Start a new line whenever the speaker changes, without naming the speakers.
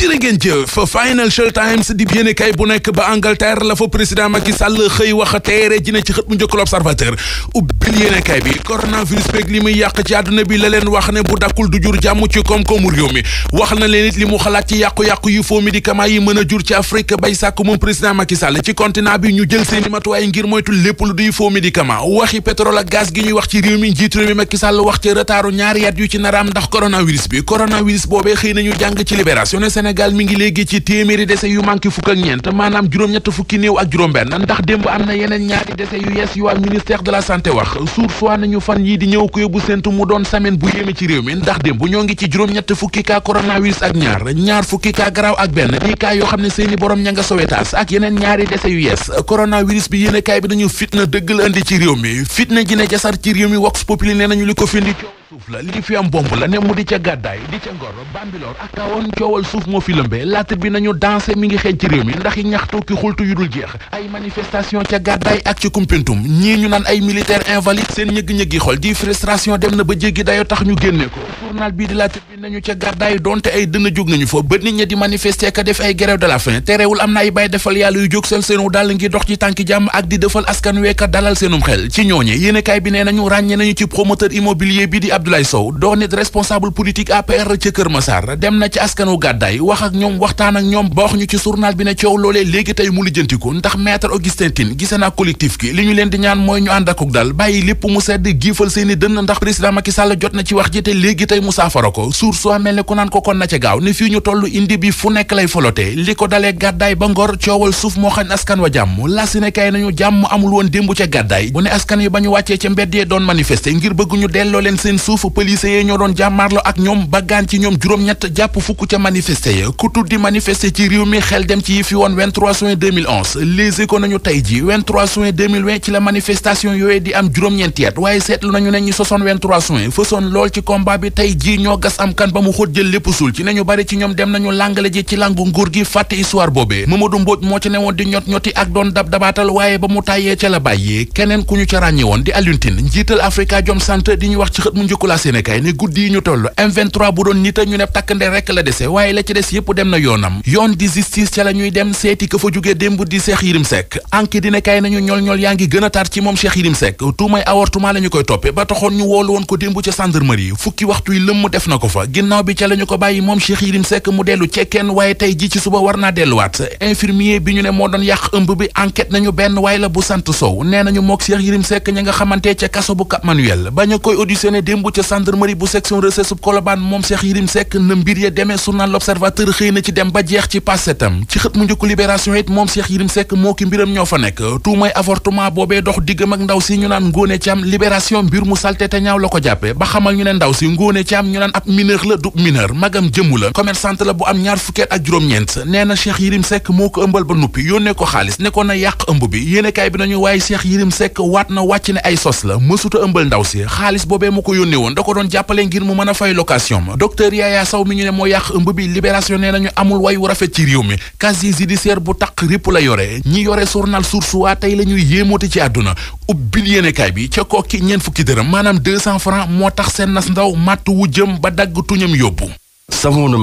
jërë ngeen jëf Financial Times di yéene kay bu nekk ba Angleterre la fa président Macky Sall xëy waxa teere ji ne ci xët mu njëkk l'Observateur ubbil yéene bi coronavirus beeg li muy yàq ci àdduna bi la leen wax ne bu dakkul du jur jàmm ci koom-koomu réew mi wax na leen it li mu xalaat ci yàqu-yàqu yu faux médicament yi mën a jur ci Afrique bay sàkk moom président Macky Sall ci continent bi ñu jël seeni matuwaay ngir moytu lépp lu duy faux médicament waxi gi ñuy wax ci wax ci retaaru ñaari at yu ci naraam ndax coronavirus Sénégal mi ngi léegi ci téeméeri dese yu manqué fukk ak ñeent maanaam juróom-ñett fukki néew ak juróom-benn ndax démb am na yeneen ñaari dese yu yees yu waa ministère de la santé wax suur soit nañu fan yii di ñëw ko yóbbu séntu mu doon semaine bu yéeme ci réew mi ndax démb ñoo ngi ci juróom-ñett fukki cas coronavirus ak ñaar ñaar fukki cas garaaw ak benn di yoo xam ne seeni borom ña nga sowetaas ak yeneen ñaari dese yu yees coronavirus suuf la li fi bomb la ne mu di ca gàddaay di ca ngor bambiloor ak kawoon coowal suuf moo fi lëmbee laata bi nañu dansé mi ngi xeeñ ci réew mi ndax yi ñaxtu ki xultu yu dul jeex ay manifestation ca gàddaay ak ci kumpintum ñii ñu naan ay militaire invalide seen ñëgg-ñëggi xol di frustration dem na ba jéggi dayo tax ñu génnee ko journal bii di laata bi nañu ca gàddaay donte ay dënn jóg nañu fa ba nit ñi di manifester def ay grève de la faim terewul doo nit responsable politique APR ca Kër Massar dem na ci askanu gàddaay wax ak ñoom waxtaan ak ñoom ba wax ñu ci journal bi ne coow loolee léegi tey mu lijjantiku ndax maître Augustin Tine gise naa collectif gi li ñu leen di ñaan mooy ñu ànd akuk dal bàyyi lépp mu sedd giifal seeni dënn ndax président Macky jot na ci wax ji te léegi tey mu ko suur soo mel ne ku naan ko kon ca gaaw ne fii ñu toll indi bi fu nekk lay folote li ko dalee wa jàmm lasi ne kay nañu suuf policiers yi ñoo doon jàmmaarloo ak ñoom ba ci ñoom juróom-ñett jàpp fukk ca manifester ya ku tudd di ci réew mi xel dem ci yi fi woon 23 juin nañu tey ji ci la manifestation yooyu di am juróom-ñeenti waaye seetlu nañu ne ñi sosoon fësoon lool ci combat bi tey ji ñoo gas am kan ba mu xóot jël lépp suul ci nañu bari ci ñoom dem nañu làngale ji ci làngu nguur gi fàtte histoire boobee Mamadou Mbodj moo ci newoon di ñot ñoti ak la Sénégal ne guddi yi ñu toll M23 bu doon nit a ñu ne takkande rek la dese waaye la ci des yëpp dem na yoonam yoon di justice ca la dem seeti ka fa jóge démb di Cheikh Yérim Seck dina kay nañu ñool ñool yaa ngi gën a ci moom Cheikh Yérim tuumay avortement la koy toppe ba taxoon ñu woolu woon ko démb ca gendarmerie fukki waxtu yi lëmm def na ko fa ginnaaw bi ca la ko bàyyi moom Cheikh Yérim mu dellu ci suba waaye la yóbbu ca gendarmerie bu section recherche bu moom Cheikh Yérim Seck na mbir ya demee journal L'Observateur xëy na ci dem ba jeex ci passetam ci xët mu njëkku libération it moom Cheikh Yérim Seck moo ko ëmbal ba nuppi yónnee ko xaalis ne yàq ëmb bi yéene bi nañu waaye Cheikh Yérim Seck waat na wàcc ne ay sos la mësuta ëmbal ndaw si xaalis boobee mu ko yónnee woon da ko doon jàppale ngir mu mën a fay location docteur Yaya Sow mi ñu ne moo yàq ëmb bi libération nee nañu amul way wu rafet ci réew mi casier judiciaire bu taq répp la yore ñi yore journal Source A tey la ñuy yéemoote ci àdduna ubbil yéenekaay bi ca kokki ñeent fukki dërëm maanaam 200 francs moo tax seen nas ndaw màtt wu jëm ba dagg tuñam yóbbu savon